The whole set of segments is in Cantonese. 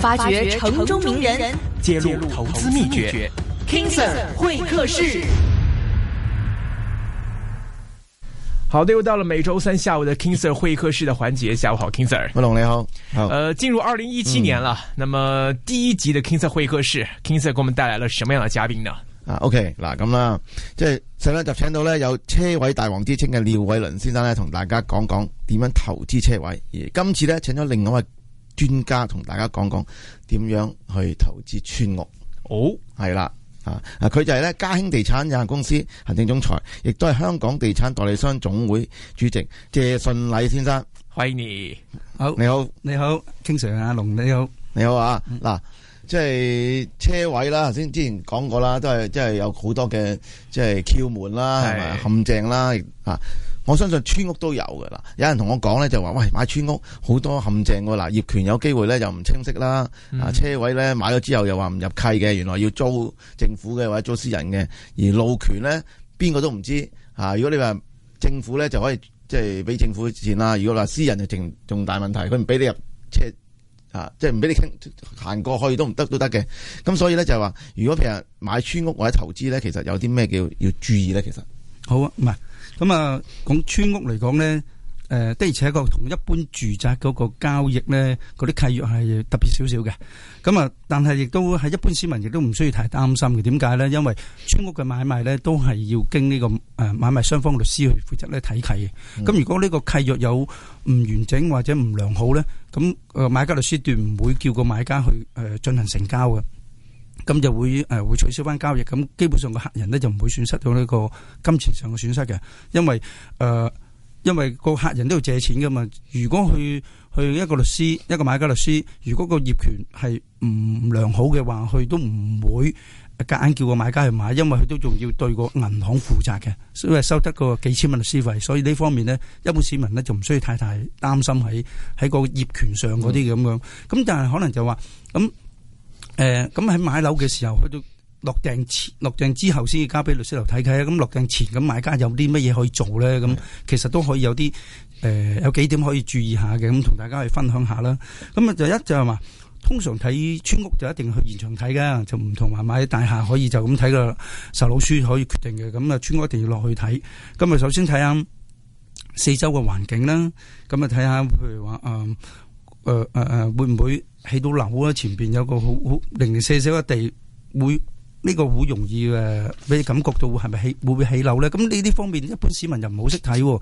發掘城中名人，揭露投資秘訣。秘 King Sir 會客室，好的，又到了每周三下午的 King Sir 會客室的環節。下午好，King Sir。文龍你好。好，呃，進入二零一七年了。嗯，那麼第一集的 King Sir 會客室，King Sir 給我們帶來了什麼樣的嘉賓呢？啊，OK，嗱咁啦，即係上一集就請到呢，有車位大王之稱嘅廖偉倫先生呢，同大家講講點樣投資車位。而今次呢，請咗另外。專家同大家講講點樣去投資村屋？哦，係啦，啊，佢、啊、就係咧嘉興地產有限公司行政總裁，亦都係香港地產代理商總會主席謝順禮先生。惠尼你，好，你好，你好，King Sir 阿龍，你好，你好啊，嗱、啊，即、就、係、是、車位啦，頭先之前講過啦，都係即係有好多嘅即係竅門啦，係咪的陷阱啦，嚇、啊？啊啊我相信村屋都有嘅啦，有人同我講咧就話，喂，買村屋好多陷阱嘅。嗱，業權有機會咧又唔清晰啦，嗯、啊，車位咧買咗之後又話唔入契嘅，原來要租政府嘅或者租私人嘅，而路權咧邊個都唔知啊！如果你話政府咧就可以即係俾政府錢啦，如果話私人就仲大問題，佢唔俾你入車啊，即係唔俾你行過去都唔得都得嘅。咁、啊、所以咧就係話，如果譬如買村屋或者投資咧，其實有啲咩叫要注意咧？其實好啊，唔係。咁啊，講、嗯、村屋嚟講呢，誒、呃、的而且確同一般住宅嗰個交易呢，嗰啲契約係特別少少嘅。咁啊，但係亦都係一般市民亦都唔需要太擔心嘅。點解呢？因為村屋嘅買賣呢，都係要經呢個誒買賣雙方律師去負責呢睇契嘅。咁、嗯、如果呢個契約有唔完整或者唔良好呢，咁誒買家律師斷唔會叫個買家去誒進行成交嘅。咁就會誒會取消翻交易，咁基本上個客人咧就唔會損失到呢個金錢上嘅損失嘅，因為誒、呃、因為個客人都要借錢噶嘛，如果去去一個律師，一個買家律師，如果個業權係唔良好嘅話，佢都唔會夾硬叫個買家去買，因為佢都仲要對個銀行負責嘅，所以收得個幾千蚊律師費。所以呢方面呢，一般市民呢，就唔需要太太擔心喺喺個業權上嗰啲咁樣。咁、嗯、但係可能就話咁。嗯誒，咁喺、嗯、買樓嘅時候，去到落訂前，落訂之後，先要交俾律師樓睇睇啊。咁落訂前，咁買家有啲乜嘢可以做咧？咁是其實都可以有啲誒、呃，有幾點可以注意下嘅。咁同大家去分享下啦。咁啊，就一就係話，通常睇村屋就一定要去現場睇噶，就唔同話買大廈可以就咁睇個售樓書可以決定嘅。咁啊，村屋一定要落去睇。咁啊，首先睇下四周嘅環境啦。咁啊，睇下譬如話，誒、呃，誒、呃，誒、呃呃呃，會唔會？起到樓啊！前邊有個好好零零碎碎嘅地，會呢、呢個好容易誒，俾你感覺到會係咪起會唔會起樓咧？咁呢啲方面，一般市民又唔好識睇，咁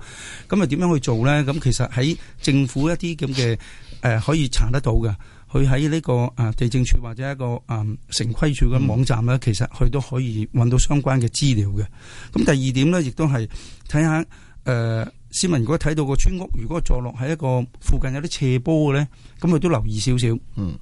啊點樣去做咧？咁其實喺政府一啲咁嘅誒，可以查得到嘅，佢喺呢個啊、呃、地政處或者一個啊、呃、城規處嘅網站咧，嗯、其實佢都可以揾到相關嘅資料嘅。咁第二點咧，亦都係睇下誒。呃市民如果睇到個村屋，如果坐落喺一個附近有啲斜坡嘅咧，咁佢都留意少少。嗯，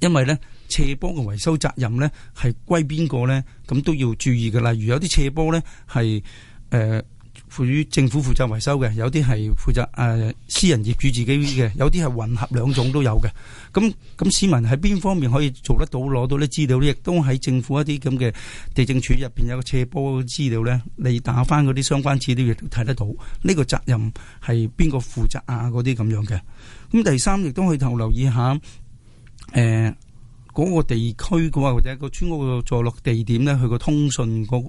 因為咧斜坡嘅維修責任咧係歸邊個咧，咁都要注意嘅啦。例如有啲斜坡咧係誒。呃負於政府負責維修嘅，有啲係負責誒、呃、私人業主自己嘅，有啲係混合兩種都有嘅。咁、嗯、咁、嗯、市民喺邊方面可以做得到攞到啲資料亦都喺政府一啲咁嘅地政處入邊有個斜坡資料咧，你打返嗰啲相關資料亦都睇得到。呢、這個責任係邊個負責啊？嗰啲咁樣嘅。咁、嗯、第三亦都可以留意下，誒、呃。嗰個地區嘅話，或者個村屋嘅坐落地點咧，佢個通訊嗰、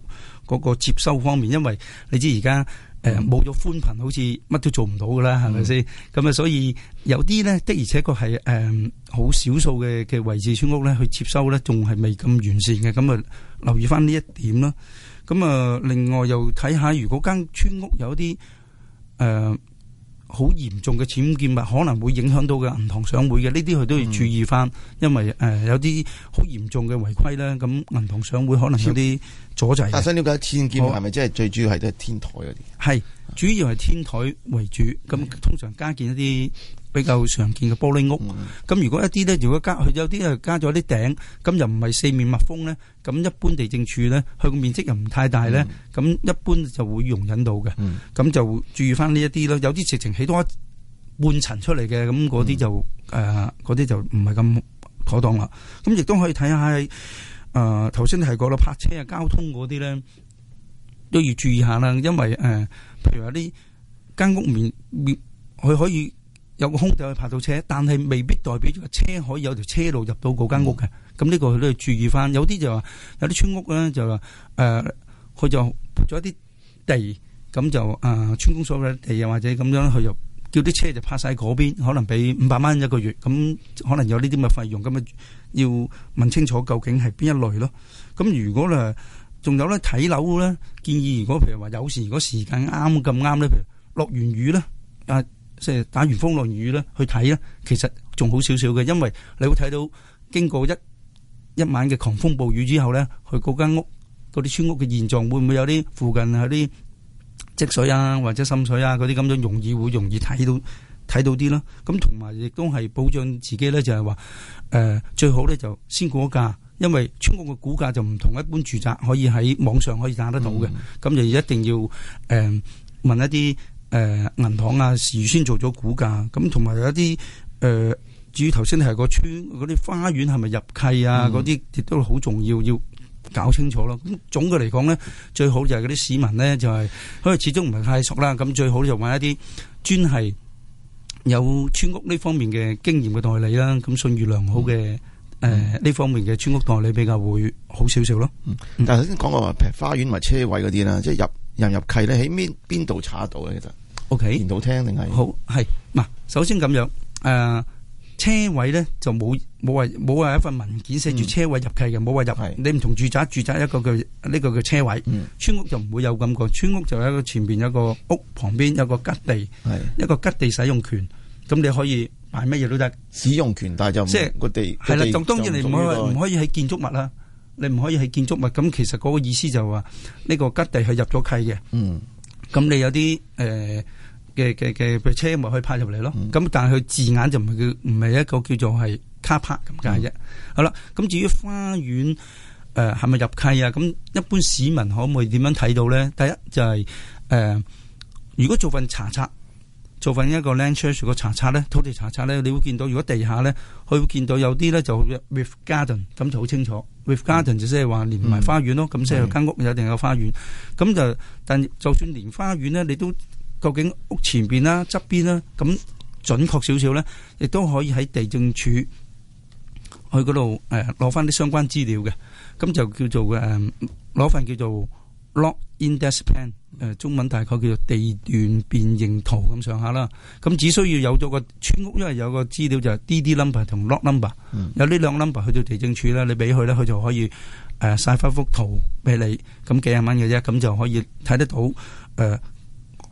嗰個嗰個接收方面，因為你知而家誒冇咗寬頻，好似乜都做唔到嘅啦，係咪先？咁啊、嗯嗯，所以有啲咧的，而且確係誒好少數嘅嘅位置村屋咧，去接收咧仲係未咁完善嘅，咁、嗯、啊留意翻呢一點咯。咁、嗯、啊，另外又睇下，如果間村屋有啲誒。呃好嚴重嘅僭建物，可能會影響到嘅銀行上會嘅，呢啲佢都要注意翻，嗯、因為誒、呃、有啲好嚴重嘅違規咧，咁銀行上會可能有啲阻滯。我想了解僭建物係咪即係最主要係都係天台嗰啲？係主要係天台為主，咁通常加建一啲。比較常見嘅玻璃屋，咁、嗯、如果一啲咧，如果加佢有啲係加咗啲頂，咁又唔係四面密封咧，咁一般地政處咧，佢個面積又唔太大咧，咁、嗯、一般就會容忍到嘅，咁、嗯、就注意翻呢一啲咯。有啲直情起多半層出嚟嘅，咁嗰啲就誒，嗰啲、嗯呃、就唔係咁妥當啦。咁亦都可以睇下誒，頭、呃、先提過啦，泊車啊、交通嗰啲咧，都要注意下啦。因為誒、呃，譬如話啲間屋面面，佢可以。有個空地去泊到車，但係未必代表個車可以有條車路入到嗰間屋嘅。咁呢個都要注意返。有啲就話有啲村屋咧，就誒，佢就撥咗一啲地，咁就誒，村公所嘅地又或者咁樣，佢就叫啲車就泊曬嗰邊，可能俾五百蚊一個月，咁可能有呢啲嘅費用，咁啊要問清楚究竟係邊一類咯。咁如果咧仲有咧睇樓咧，建議如果譬如話有時如果時間啱咁啱咧，譬如落完雨咧，啊。即係打完風落完雨咧，去睇咧，其實仲好少少嘅，因為你會睇到經過一一晚嘅狂風暴雨之後咧，佢嗰間屋嗰啲村屋嘅現狀，會唔會有啲附近有啲積水啊，或者滲水啊嗰啲咁樣，容易會容易睇到睇到啲咯。咁同埋亦都係保障自己咧，就係話誒最好咧就先估價，因為村屋嘅估價就唔同一般住宅可以喺網上可以打得到嘅，咁就一定要誒問一啲。誒，銀、呃、行啊，事先做咗估價，咁同埋有一啲誒、呃，至於頭先係個村嗰啲花園係咪入契啊，嗰啲、嗯、亦都好重要，要搞清楚咯。咁總嘅嚟講咧，最好就係嗰啲市民咧就係、是，佢始終唔係太熟啦。咁最好就買一啲專係有村屋呢方面嘅經驗嘅代理啦，咁信譽良好嘅誒呢方面嘅村屋代理比較會好少少咯。嗯嗯、但係頭先講個花園同埋車位嗰啲啦，即係入。人入契咧喺邊邊度查到咧？其實，O K，年度聽定係好係。嗱，首先咁樣，誒，車位咧就冇冇話冇話一份文件寫住車位入契嘅，冇話入你唔同住宅，住宅一個叫呢個嘅車位，村屋就唔會有咁個，村屋就有一個前面有一個屋旁邊有個吉地，係一個吉地使用權，咁你可以擺乜嘢都得。使用權但係就即係個地係啦，當然你唔可唔可以喺建築物啦。你唔可以係建築物，咁其實嗰個意思就話、是、呢、這個吉地係入咗契嘅，咁、嗯、你有啲誒嘅嘅嘅車咪可以派入嚟咯，咁、嗯、但係佢字眼就唔係叫唔係一個叫做係 car park 咁解啫。嗯、好啦，咁至於花園誒係咪入契啊？咁一般市民可唔可以點樣睇到咧？第一就係、是、誒、呃，如果做份查冊。做份一個 land search 個查冊咧，土地查冊咧，你會見到如果地下咧，佢會見到有啲咧就 with garden 咁就好清楚，with garden 就即係話連埋花園咯，咁即係間屋一定有花園，咁就但就算連花園咧，你都究竟屋前邊啦、側邊啦，咁準確少少咧，亦都可以喺地政署去嗰度誒攞翻啲相關資料嘅，咁就叫做誒攞份叫做 Lot Index Plan。誒、呃、中文大概叫做地段變形圖咁上下啦，咁、嗯、只需要有咗個村屋，因為有個資料就係 D D number 同 Lot number，嗯、有呢兩個 number 去到地政署啦，你俾佢咧，佢就可以誒、呃、曬翻幅圖俾你，咁幾廿蚊嘅啫，咁就可以睇得到誒、呃，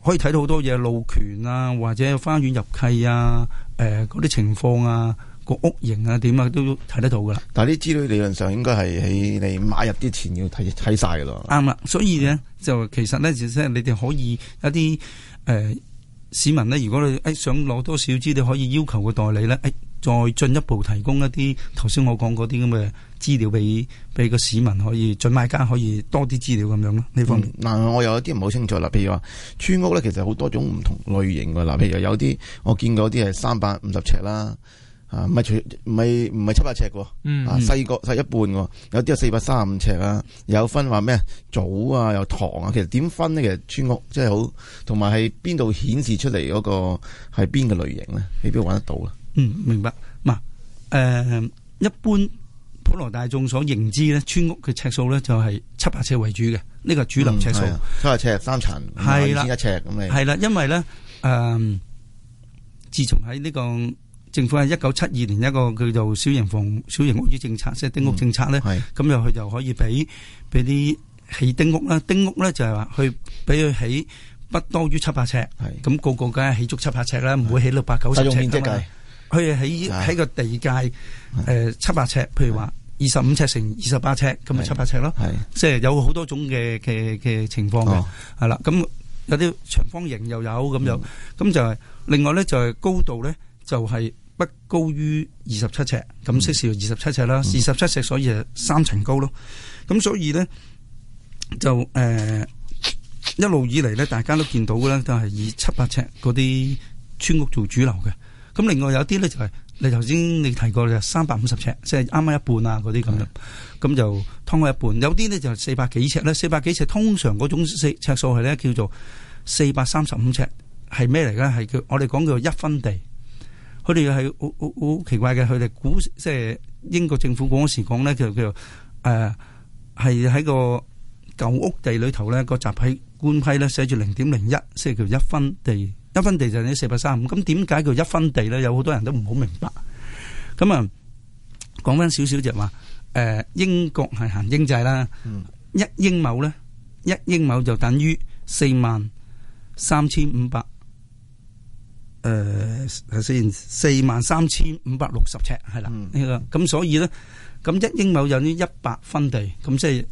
可以睇到好多嘢路權啊，或者花園入契啊，誒嗰啲情況啊。個屋型啊，點啊，都睇得到噶啦。但係啲資料理論上應該係喺你買入之前要睇睇晒噶咯。啱啦、 嗯，所以咧就其實咧，即係你哋可以一啲誒、呃、市民咧，如果你誒想攞多少資料，可以要求個代理咧，誒再進一步提供一啲頭先我講嗰啲咁嘅資料俾俾個市民可以準買家可以多啲資料咁樣咯。呢方面，嗱、嗯嗯、我有一啲唔好清楚啦。譬如話村屋咧，其實好多種唔同類型噶啦。嗱，譬如有啲我見過啲係三百五十尺啦。嗯、啊，唔係除唔係唔係七百尺嘅，啊細個細一半嘅，有啲係四百三十五尺啊，有分話咩祖啊，又堂啊，其實點分呢？其實村屋即係好，同埋係邊度顯示出嚟嗰、那個係邊嘅類型呢？未必要揾得到啊。嗯，明白。嗱，誒，一般普羅大眾所認知咧，村屋嘅尺數咧就係七百尺為主嘅，呢個係主流尺數。七百尺三層，一千一尺咁係啦，因為咧，誒、嗯，自從喺呢個。政府喺一九七二年一個叫做小型房、小型屋宇政策，即係丁屋政策咧。咁又佢就可以俾俾啲起丁屋啦。丁屋咧就係話佢俾佢起不多於七百尺。咁個個梗係起足七百尺啦，唔會起六百九十尺。用面積計，佢係起喺個地界誒，七百尺，譬如話二十五尺乘二十八尺，咁咪七百尺咯。即係有好多種嘅嘅嘅情況嘅，係啦。咁有啲長方形又有咁樣，咁就係另外咧就係高度咧就係不高於二十七尺，咁即是二十七尺啦。二十七尺，所以係三層高咯。咁所以咧，就誒一路以嚟咧，大家都見到嘅咧，都係以七八尺嗰啲村屋做主流嘅。咁另外有啲咧就係你頭先你提過嘅三百五十尺，即係啱啱一半啊，嗰啲咁樣，咁就劏開一半。有啲咧就係四百幾尺咧，四百幾尺通常嗰種尺尺數係咧叫做四百三十五尺，係咩嚟嘅？係叫我哋講叫一分地。佢哋又係好好好奇怪嘅，佢哋估即係英國政府嗰時講咧，就叫誒係喺個舊屋地裏頭咧，個集體官批咧寫住零點零一即係叫一分地，一分地就等於四百三十五。咁點解叫一分地咧？有好多人都唔好明白。咁啊，講翻少少就話誒，英國係行英制啦，一英畝咧，一英畝就等於四萬三千五百。誒，頭、呃、先四萬三千五百六十尺係啦，呢，個咁所以咧，咁一英畝有呢一百分地，咁即係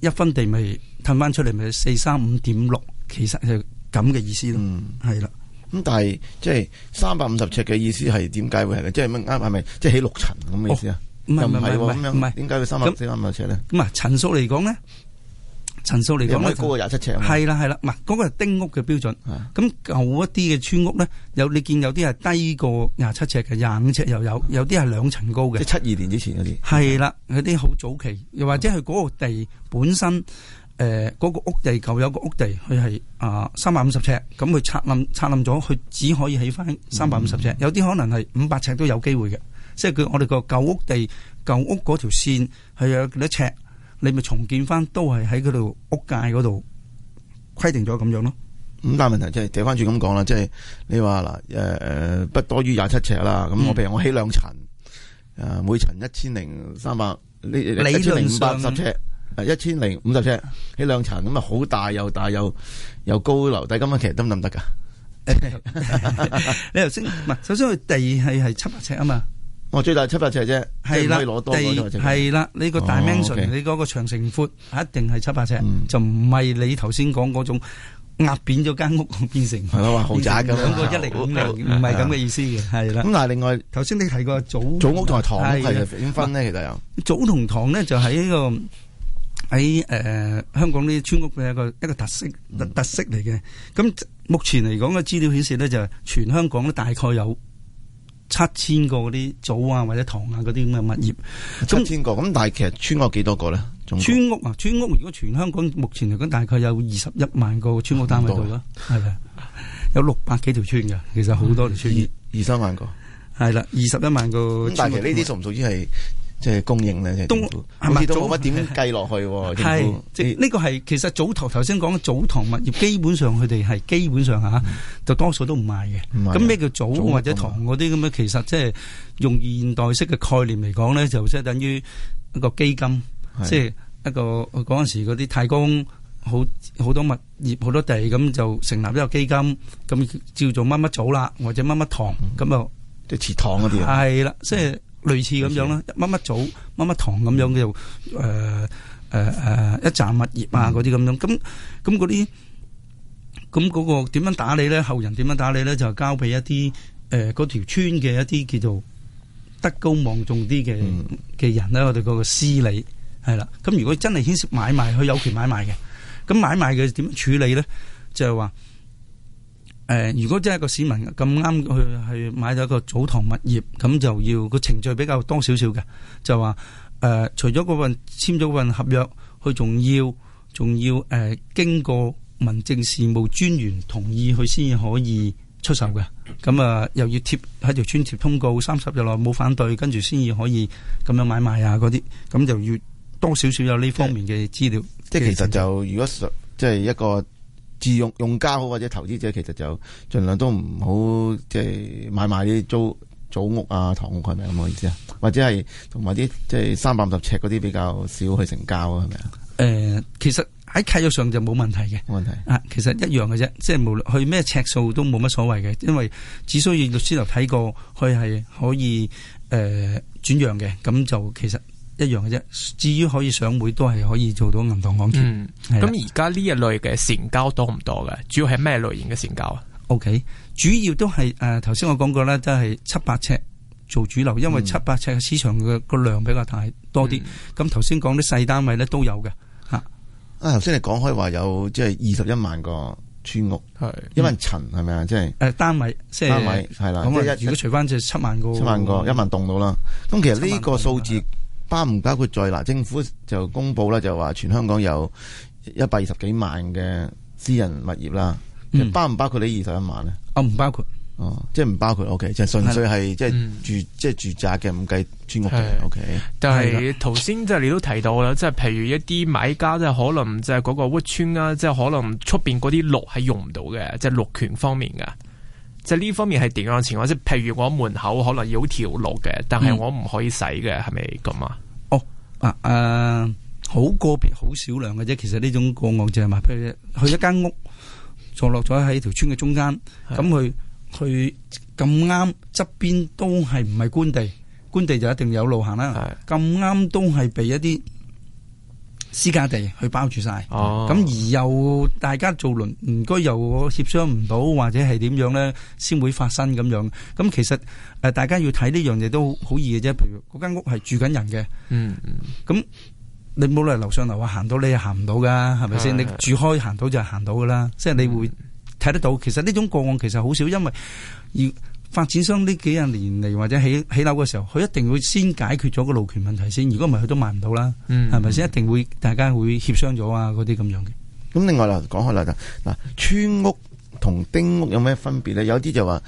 一分地咪褪翻出嚟咪四三五點六，其實係咁嘅意思咯，係啦、嗯。咁的、嗯、但係即係三百五十尺嘅意思係點解會係？即係乜啱係咪？即係起六層咁嘅意思啊？又唔係咁樣？點解會三百四、三百五十尺咧？咁啊，層數嚟講咧？層數嚟講，有冇高過廿七尺？係啦係啦，唔係，嗰個係丁屋嘅標準。咁舊、啊、一啲嘅村屋咧，有你見有啲係低過廿七尺嘅，廿五尺又有，有啲係兩層高嘅。即係七二年之前嗰啲。係啦，有啲好早期，又或者係嗰個地本身，誒、呃，嗰個屋地舊有個屋地，佢係啊三百五十尺，咁佢拆冧拆冧咗，佢只可以起翻三百五十尺。啊、有啲可能係五百尺都有機會嘅，即係佢我哋個舊屋地、舊屋嗰條綫係有幾多尺？你咪重建翻都係喺嗰度屋界嗰度規定咗咁樣咯。咁但係問題即係掉翻轉咁講啦，即係、就是、你話嗱，誒、呃、誒，不多於廿七尺啦。咁我譬如我起兩層，誒、呃，每層一千零三百呢，一千零五十尺，一千零五十尺起兩層，咁啊好大又大又又高樓底，但係咁啊，其實得唔得噶？ 你頭先唔係， 首先佢地二係係七百尺啊嘛。我最大七八尺啫，係啦，攞多係啦，呢個大 dimension 你嗰個長城闊，一定係七八尺，就唔係你頭先講嗰種壓扁咗間屋變成係咯，好窄咁，嗰一零五零唔係咁嘅意思嘅，係啦。咁但係另外，頭先你提過祖祖屋同埋堂係點分呢？其實有祖同堂呢，就喺呢個喺誒香港啲村屋嘅一個一個特色特色嚟嘅。咁目前嚟講嘅資料顯示呢，就全香港都大概有。七千個嗰啲組啊或者堂啊嗰啲咁嘅物業，七千個咁，那但係其實村屋有幾多個咧？村屋啊，村屋如果全香港目前嚟講，大概有二十一萬個村屋單位度咯，係啦，有六百幾條村㗎，其實好多條村，二三萬個，係啦，二十一萬個。但係呢啲屬唔屬於係？即係供應咧？即係未做乜點計落去。係即係呢個係，其實祖堂頭先講嘅祖堂物業，基本上佢哋係基本上吓，就多數都唔賣嘅。咁咩叫祖或者堂嗰啲咁咧？其實即係用現代式嘅概念嚟講咧，就即係等於一個基金，即係一個嗰陣時嗰啲太公好好多物業好多地，咁就成立一個基金，咁叫做乜乜祖啦，或者乜乜堂咁啊？啲祠堂嗰啲啊，係啦，即係。類似咁樣啦，乜乜祖乜乜堂咁樣嘅又，誒誒誒，一站物業啊嗰啲咁樣，咁咁嗰啲，咁嗰、嗰個點樣、嗰個嗰個嗰個、打理咧？後人點樣打理咧？就係、交俾一啲誒，嗰、呃、條村嘅一啲叫做德高望重啲嘅嘅人咧。我哋嗰個司理係啦。咁如果真係牽涉買賣，佢有權買賣嘅，咁買賣嘅點處理咧？就係、係、話。誒、呃，如果真係個市民咁啱去去買咗個祖堂物業，咁就要個程序比較多少少嘅，就話誒、呃，除咗嗰份簽咗份合約，佢仲要，仲要誒、呃，經過民政事務專員同意，佢先至可以出售嘅。咁啊，又要貼喺條村貼通告三十日內冇反對，跟住先至可以咁樣買賣啊嗰啲，咁就要多少少有呢方面嘅資料。即係其中，即，其實就如果即係一個。自用用家好或者投資者，其實就儘量都唔好即係買賣啲租祖屋啊、堂屋，係咪咁嘅意思啊？或者係同埋啲即係三百五十尺嗰啲比較少去成交啊，係咪啊？誒，其實喺契約上就冇問題嘅，冇問題啊。其實一樣嘅啫，即係無論去咩尺數都冇乜所謂嘅，因為只需要律師樓睇過佢係可以誒、呃、轉讓嘅，咁就其實。一樣嘅啫，至於可以上會都係可以做到銀行講錢。咁而家呢一類嘅成交多唔多嘅？主要係咩類型嘅成交啊？OK，主要都係誒，頭先我講過咧，都係七八尺做主流，因為七八尺嘅市場嘅個量比較大多啲。咁頭先講啲細單位咧都有嘅吓。啊，頭先你講開話有即係二十一萬個村屋係，因為層係咪啊？即係誒，單位，單位係啦。咁啊，如果除翻就係七萬個，七萬個一萬棟到啦。咁其實呢個數字。包唔包括在嗱？政府就公布咧，就話全香港有一百二十幾萬嘅私人物業啦。包唔、嗯、包括，包括你呢二十一萬咧？哦、啊，唔包括。哦，即係唔包括。O、okay, K，就純粹係即係住即係、就是、住宅嘅，唔計村屋嘅。O、okay、K。但係頭先即係你都提到啦，即係譬如一啲買家即係可能即係嗰個屋邨啊，即係可能出邊嗰啲路係用唔到嘅，即、就、係、是、路權方面嘅。即係呢方面係點樣情況？即係譬如我門口可能有條路嘅，但係我唔可以使嘅，係咪咁啊？是啊誒，好個別、好少量嘅啫。其實呢種個案就係嘛，譬如去一間屋坐落咗喺條村嘅中間，咁佢佢咁啱側邊都係唔係官地，官地就一定有路行啦。咁啱都係俾一啲。私家地去包住晒，咁、哦、而又大家做鄰居又協商唔到或者係點樣咧，先會發生咁樣。咁其實誒，大家要睇呢樣嘢都好易嘅啫。譬如嗰間屋係住緊人嘅，咁、嗯嗯、你冇理由樓上樓下行到你行唔到噶，係咪先？嗯嗯、你住開行到就係行到噶啦，即係、嗯、你會睇得到。其實呢種個案其實好少，因為要。發展商呢幾廿年嚟或者起起樓嘅時候，佢一定會先解決咗個路權問題先。如果唔係，佢都賣唔到啦。係咪先？一定會大家會協商咗啊，嗰啲咁樣嘅。咁另外啦，講開啦就嗱，村屋同丁屋有咩分別咧？有啲就話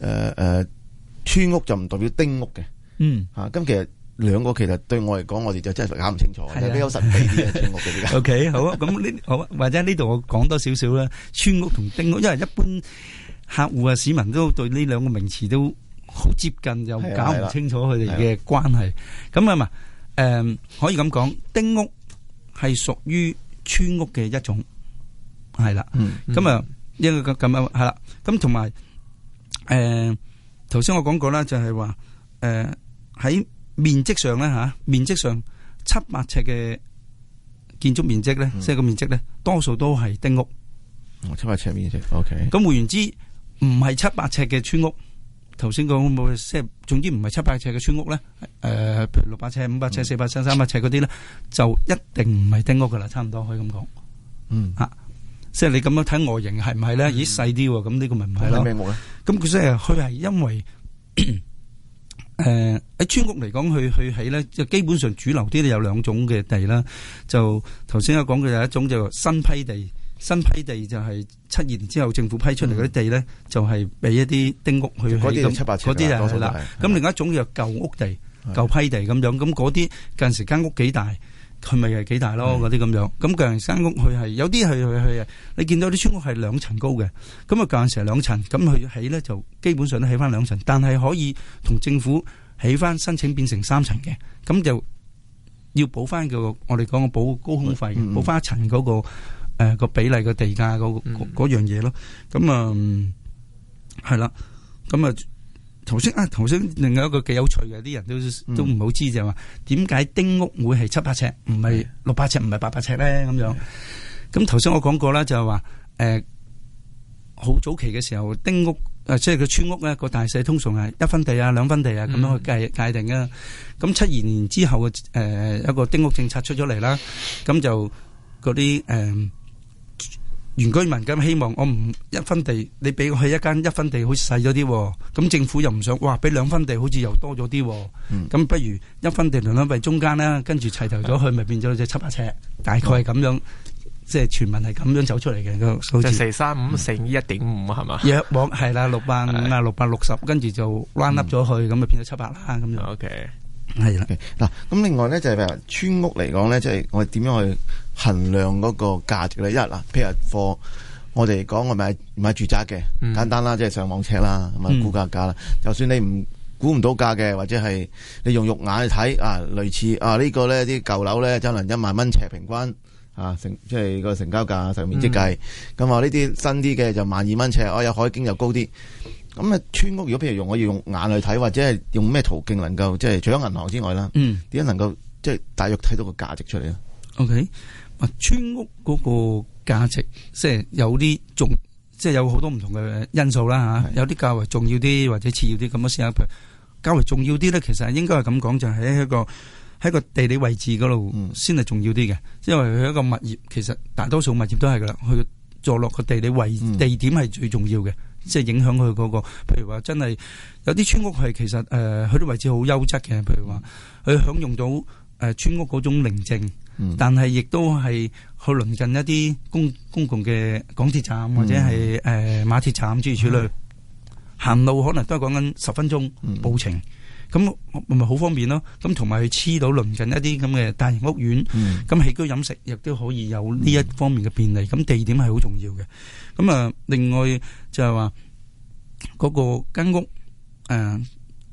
誒誒，村屋就唔代表丁屋嘅。嗯，吓咁其實兩個其實對我嚟講，我哋就真係搞唔清楚，係比較神秘啲嘅村屋嘅。O K，好啊，咁呢好或者呢度我講多少少啦，村屋同丁屋，因為一般。客戶啊，市民都對呢兩個名詞都好接近，又搞唔清楚佢哋嘅關係。咁啊嘛，誒，可以咁講，丁屋係屬於村屋嘅一種，係啦。咁啊，一個咁樣係啦。咁同埋，誒，頭先我講過啦，就係話，誒，喺面積上咧吓，面積上七百尺嘅建築面積咧，即係個面積咧，多數都係丁屋。七百尺面積，OK。咁換言之，唔係七百尺嘅村屋，頭先講冇，即係總之唔係七百尺嘅村屋咧，誒，譬如六百尺、五百尺、四百尺、三百尺嗰啲咧，就一定唔係丁屋噶啦，差唔多可以咁講。嗯，啊，即係你咁樣睇外形係唔係咧？咦，細啲喎，咁呢個咪唔係啦？咩木咧？咁即係佢係因為，誒，喺村屋嚟講，佢佢起咧，就基本上主流啲咧有兩種嘅地啦。就頭先講嘅有一種就新批地，新批地就係。七二年之後，政府批出嚟嗰啲地咧，就係、是、俾一啲丁屋去起咁。嗰啲係啦，咁另外一種叫舊屋地、舊批地咁樣。咁嗰啲近時間屋幾大，佢咪係幾大咯？嗰啲咁樣。咁舊時間屋佢係有啲係係係，你見到啲村屋係兩層高嘅，咁啊舊時係兩層，咁佢起咧就基本上都起翻兩層，但係可以同政府起翻申請變成三層嘅，咁就要補翻、嗰個我哋講嘅補高空費，補翻一層嗰個。嗯嗯嗯誒，個比例嘅地價嗰嗰樣嘢咯，咁啊係啦，咁啊頭先啊頭先另外一個幾有趣嘅，啲人都都唔好知就係話，點解丁屋會係七百尺，唔係六百尺，唔係八百尺咧？咁樣，咁頭先我講過啦，就係話誒，好早期嘅時候，丁屋誒，即係個村屋咧，個大細通常係一分地啊，兩分地啊，咁樣去界界定啊，咁七二年之後誒一個丁屋政策出咗嚟啦，咁就嗰啲誒。原居民咁希望我唔一分地，你俾佢一間一分地好一，好似細咗啲。咁政府又唔想，哇，俾兩分地，好似又多咗啲。咁、嗯、不如一分地，攞番嚟中間啦，跟住齊頭咗去，咪的變咗只七百尺，大概係咁樣。即係傳聞係咁樣走出嚟嘅、個數字，四三五乘以一點五係嘛？若往係啦，六百五啊，六百六十，跟住就彎凹咗去，咁咪的、嗯、變咗七百啦，咁就 OK。係啦的，嗱、okay.，咁另外咧就係、是、村屋嚟講咧，即、就、係、是、我點樣去？衡量嗰個價值咧，一嗱，譬如貨，我哋講我買買住宅嘅，嗯、簡單啦，即、就、係、是、上網 check 啦，咁啊估價價啦。嗯、就算你唔估唔到價嘅，或者係你用肉眼去睇啊，類似啊呢、這個呢啲舊樓咧、啊，就能一萬蚊尺平均啊成，即係個成交價成面積計。咁、嗯嗯、啊呢啲新啲嘅就萬二蚊尺，我、啊、有海景又高啲。咁啊村屋，如果譬如用我要用眼去睇，或者係用咩途徑能夠即係除咗銀行之外啦，點、嗯、樣能夠即係、就是、大約睇到個價值出嚟咧？O K，啊，村屋嗰個價值即係有啲仲，即係有好多唔同嘅因素啦。吓，有啲較為重要啲，或者次要啲咁。我先講，較為重要啲咧，其實應該係咁講，就係喺一個喺個地理位置嗰度先係重要啲嘅，因為佢一個物業其實大多數物業都係噶啦，佢坐落個地理位地點係最重要嘅，即係影響佢嗰個。譬如話真係有啲村屋係其實誒，佢啲位置好優質嘅，譬如話佢享用到誒村屋嗰種寧靜。但係亦都係去鄰近一啲公公共嘅港鐵站或者係誒、呃、馬鐵站諸如此類，的行路可能都係講緊十分鐘步程，咁咪係好方便咯。咁同埋去黐到鄰近一啲咁嘅大型屋苑，咁、嗯、起居飲食亦都可以有呢一方面嘅便利。咁、嗯、地點係好重要嘅。咁啊，另外就係話嗰個間屋誒。呃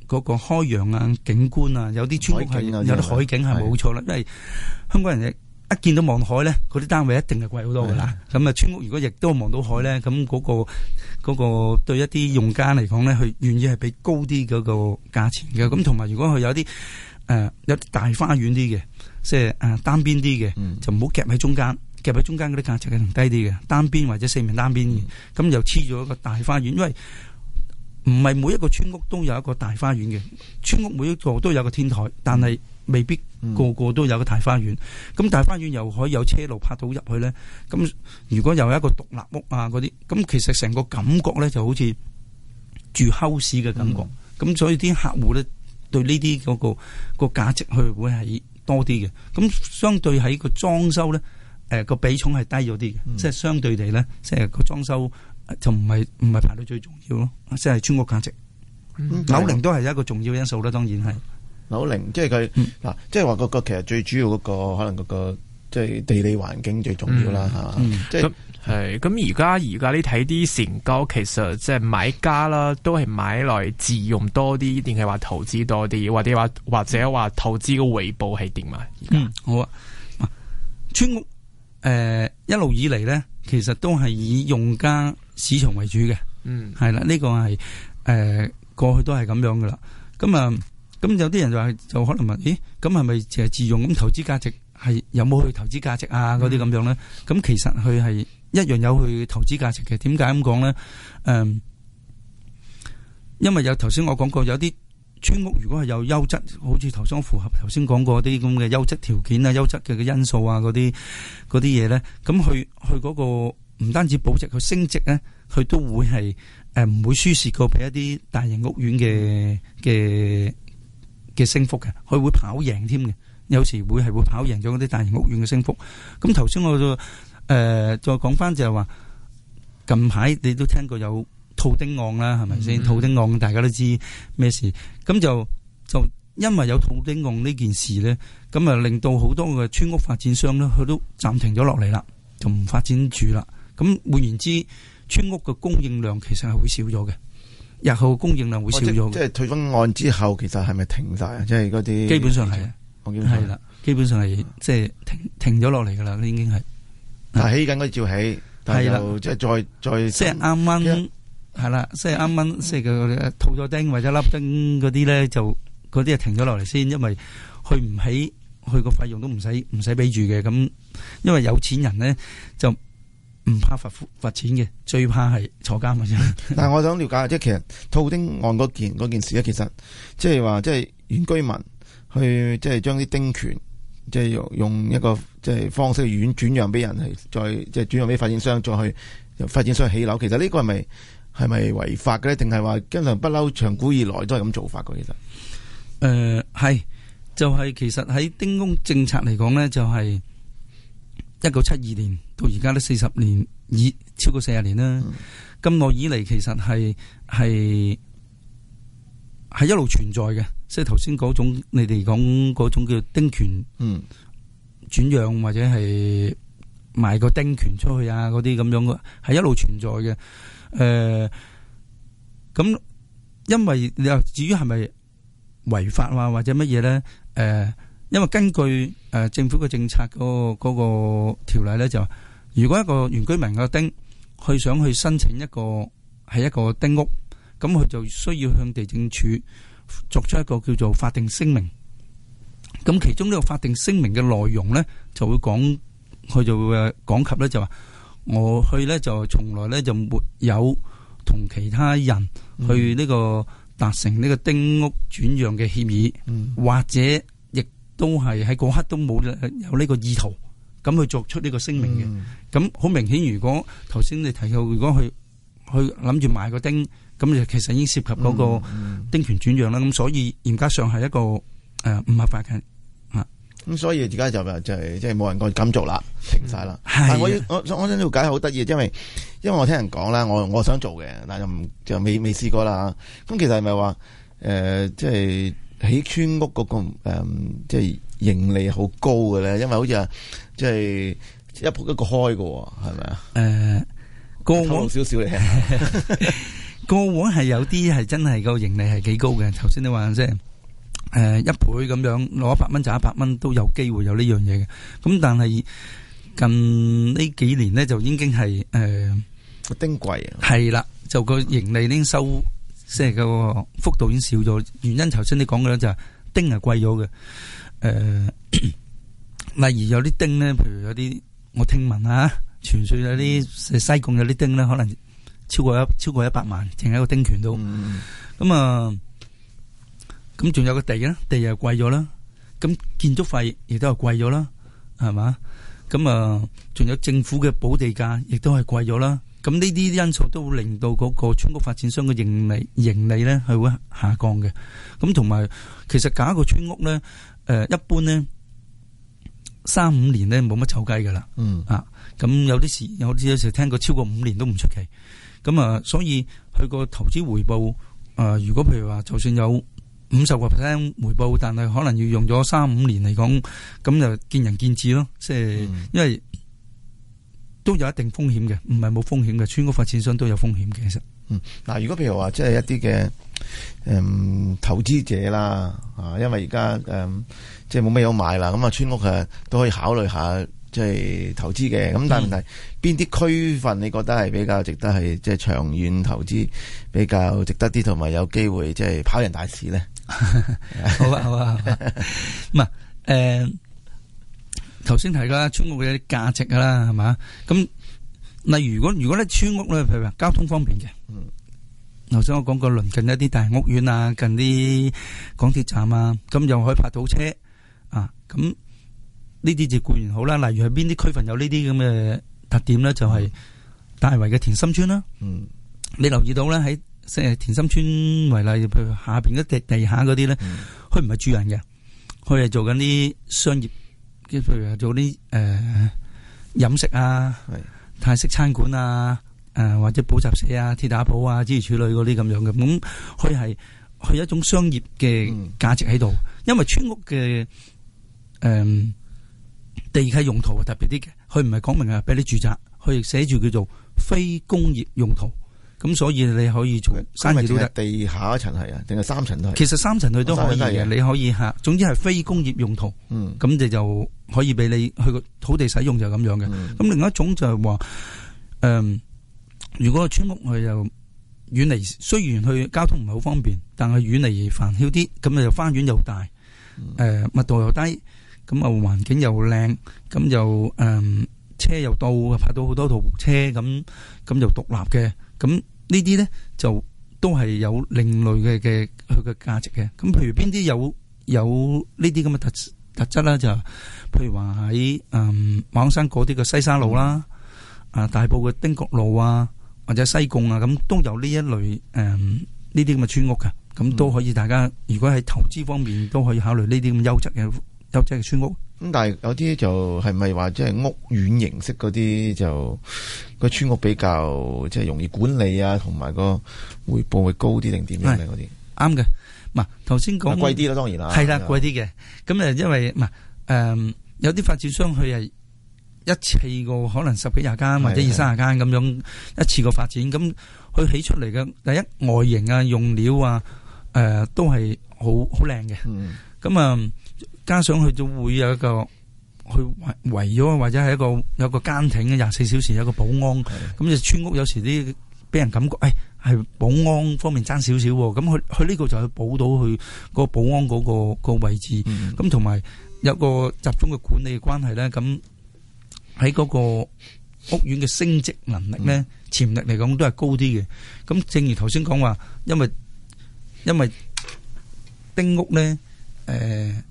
嗰個開揚啊，景觀啊，有啲村屋係有啲海景係冇錯啦，的因為香港人一見到望海咧，嗰啲單位一定係貴好多噶啦。咁啊的，村屋如果亦都望到海咧，咁嗰、那個嗰、那個、對一啲用家嚟講咧，佢願意係俾高啲嗰個價錢嘅。咁同埋如果佢有啲誒、呃、有大花園啲嘅，即係誒單邊啲嘅，嗯、就唔好夾喺中間，夾喺中間嗰啲價值係低啲嘅，單邊或者四面單邊嘅，咁、嗯、又黐咗一個大花園，因為唔係每一個村屋都有一個大花園嘅，村屋每一座都有個天台，但係未必個個都有個大花園。咁、嗯、大花園又可以有車路泊到入去咧。咁如果又有一個獨立屋啊嗰啲，咁其實成個感覺咧就好似住 house 嘅感覺。咁、嗯、所以啲客戶咧對呢啲嗰個、個價值佢會係多啲嘅。咁相對喺個裝修咧，誒、呃、個比重係低咗啲嘅，即係相對嚟咧，即係個裝修。就唔係唔係排到最重要咯，就是、國即係村屋價值，樓齡都係一個重要因素啦，當然係。樓齡即係佢嗱，即係話個個其實最主要嗰、那個可能嗰、那個即係地理環境最重要啦吓，即係係咁。而家而家你睇啲成交，其實即係買家啦，都係買來自用多啲，定係話投資多啲，或者話或者話投資嘅回報係點啊？嗯，好啊，啊村屋誒、呃、一路以嚟咧。呢其實都係以用家市場為主嘅，係啦、嗯，呢、這個係誒、呃、過去都係咁樣噶啦。咁、嗯、啊，咁有啲人就話，就可能問，咦，咁係咪淨係自用？咁投資價值係有冇去投資價值啊？嗰啲咁樣咧？咁、嗯、其實佢係一樣有去投資價值嘅。點解咁講咧？誒、嗯，因為有頭先我講過有啲。村屋如果係有優質，好似頭先符合頭先講過啲咁嘅優質條件啊、優質嘅嘅因素啊嗰啲嗰啲嘢咧，咁佢佢嗰個唔單止保值，佢升值咧，佢都會係誒唔會輸蝕過俾一啲大型屋苑嘅嘅嘅升幅嘅，佢會跑贏添嘅，有時會係會跑贏咗嗰啲大型屋苑嘅升幅。咁頭先我誒再講翻就係話，近排你都聽過有。套丁案啦，係咪先？套丁案大家都知咩事？咁就就因為有套丁案呢件事咧，咁啊令到好多嘅村屋發展商咧，佢都暫停咗落嚟啦，就唔發展住啦。咁換言之，村屋嘅供應量其實係會少咗嘅，日後供應量會少咗。即係退返案之後，其實係咪停晒？即係嗰啲基本上係，係啦，基本上係即係停停咗落嚟噶啦，已經係。但起緊嗰啲照起，但係又即係再再即係啱啱。係啦，即係啱啱即係佢套咗丁，剛剛那個、或者粒丁嗰啲咧，就嗰啲啊停咗落嚟先，因為去唔起，去個費用都唔使唔使俾住嘅。咁因為有錢人咧就唔怕罰罰錢嘅，最怕係坐監嘅啫。但係我想了解即係，其實套丁案嗰件嗰件事咧，其實即係話即係原居民去即係將啲丁權即係用用一個即係、就是、方式去轉讓俾人，係再即係轉讓俾發展商，再去發展商去起樓。其實呢個係咪？係咪違法嘅咧？定係話經常不嬲，長古以來都係咁做法嘅。呃就是、其實，誒係，就係其實喺丁公政策嚟講咧，就係一九七二年到而家都四十年，已超過四十年啦。咁耐、嗯、以嚟，其實係係係一路存在嘅，即係頭先嗰種，你哋講嗰種叫丁權嗯轉讓或者係。賣個丁權出去啊，嗰啲咁樣嘅係一路存在嘅。誒，咁因為你又至於係咪違法啊，或者乜嘢咧？誒，因為根據誒政府嘅政策嗰個嗰個條例咧，就如果一個原居民個丁佢想去申請一個係一個丁屋，咁佢就需要向地政署作出一個叫做法定聲明。咁其中呢個法定聲明嘅內容咧，就會講。佢就誒講及咧就話，我去咧就從來咧就沒有同其他人去呢個達成呢個丁屋轉讓嘅協議，或者亦都係喺嗰刻都冇有呢個意圖，咁去作出呢個聲明嘅。咁好明顯，如果頭先你提到，如果去去諗住買個丁，咁就其實已經涉及嗰個丁權轉讓啦。咁所以嚴格上係一個誒唔合法嘅。咁、嗯、所以而家就是、就係即係冇人敢咁做啦，停晒啦、嗯。我我我想了解好得意，因為因為我聽人講啦，我我想做嘅，但又唔就未未試過啦。咁、嗯、其實係咪話誒，即係喺村屋嗰個誒，即、嗯、係、就是、盈利好高嘅咧？因為好似啊，即、就、係、是、一鋪一個開嘅，係咪啊？誒，過往少少嚟，過往係 有啲係真係個盈利係幾高嘅。頭先你話即誒、呃，一倍咁樣，攞一百蚊就一百蚊，都有機會有呢樣嘢嘅。咁、嗯、但係近呢幾年咧，就已經係誒、呃、丁貴啊，係啦，就個盈利已經收，即、這、係個幅度已經少咗。原因頭先你講嘅咧就係、是、丁係貴咗嘅。誒、呃，例如 有啲丁咧，譬如有啲我聽聞吓，傳說有啲西貢有啲丁咧，可能超過一超過一百萬，淨係一個丁權都。咁啊、嗯。嗯嗯呃咁仲有個地咧，地又貴咗啦。咁建築費亦都係貴咗啦，係嘛？咁啊，仲有政府嘅補地價，亦都係貴咗啦。咁呢啲因素都會令到嗰個村屋發展商嘅盈利盈利咧係會下降嘅。咁同埋，其實搞一個村屋咧，誒，一般咧三五年咧冇乜走雞噶啦。嗯啊，咁有啲事有有時聽過超過五年都唔出奇。咁啊，所以佢個投資回報誒、呃，如果譬如話就算有。五十個 percent 回報，但係可能要用咗三五年嚟講，咁就見仁見智咯。即係、嗯、因為都有一定風險嘅，唔係冇風險嘅。村屋發展商都有風險嘅，其實。嗯，嗱，如果譬如話即係一啲嘅，嗯，投資者啦，啊，因為而家，誒、嗯，即係冇咩好買啦，咁啊，村屋啊都可以考慮下，即係投資嘅。咁但係問題，邊啲區份你覺得係比較值得係即係長遠投資比較值得啲，同埋有，有機會即係跑贏大市咧？好啊好啊，咁啊誒，頭先提啦，村屋有啲價值噶啦，係嘛？咁例如如果如果咧村屋咧，譬如話交通方便嘅，嗯，頭先我講過鄰近一啲大屋苑啊，近啲港鐵站啊，咁又可以泊到車啊，咁呢啲就固然好啦。例如係邊啲區份有呢啲咁嘅特點咧，就係大圍嘅田心村啦。嗯，你留意到咧喺。即係田心村為例，譬如下邊一地地下嗰啲咧，佢唔係住人嘅，佢係做緊啲商業，即譬如做啲誒飲食啊、是 泰式餐館啊、誒、呃、或者補習社啊、鐵打鋪啊、之類嗰啲咁樣嘅，咁佢係佢一種商業嘅價值喺度，嗯、因為村屋嘅誒、呃、地契用途係特別啲嘅。佢唔係講明啊，俾你住宅，佢寫住叫做非工業用途。咁所以你可以做生意都得，地下一層係啊，定係三層都。其實三層佢都可以嘅，你可以吓。總之係非工業用途，咁你、嗯、就可以俾你去土地使用就咁、是、樣嘅。咁、嗯、另外一種就係話，誒、呃，如果村屋佢又遠離，雖然去交通唔係好方便，但係遠離繁囂啲，咁啊就花園又大，誒、嗯呃、密度又低，咁啊環境又靚，咁又誒車又到，拍到好多套車，咁咁又獨立嘅。咁呢啲咧就都係有另類嘅、嘅佢嘅價值嘅。咁譬如邊啲有有呢啲咁嘅特特質啦、啊，就譬如話喺嗯馬鞍山嗰啲嘅西沙路啦、啊，嗯、啊大埔嘅丁角路啊，或者西貢啊，咁都有呢一類誒呢啲咁嘅村屋嘅。咁都可以大家如果喺投資方面都可以考慮呢啲咁優質嘅優質嘅村屋。咁但係有啲就係咪話即係屋苑形式嗰啲就個村屋比較即係容易管理啊，同埋個回報會高啲定點樣嘅嗰啲？啱嘅，唔啊頭先講貴啲咯，當然啦，係啦貴啲嘅。咁啊因為唔啊誒有啲發展商佢係一次過可能十幾廿間或者二三十間咁樣一次過發展，咁佢起出嚟嘅第一外形啊、用料啊誒都係好好靚嘅。咁啊。加上佢就會有一個去圍圍咗，或者係一個有一個更亭嘅廿四小時有個保安，咁的就村屋有時啲俾人感覺，誒、哎、係保安方面爭少少，咁佢佢呢個就去補到去、那個保安嗰、那個個位置，咁同埋有個集中嘅管理嘅關係咧，咁喺嗰個屋苑嘅升值能力咧，嗯、潛力嚟講都係高啲嘅。咁正如頭先講話，因為因為丁屋咧，誒、呃。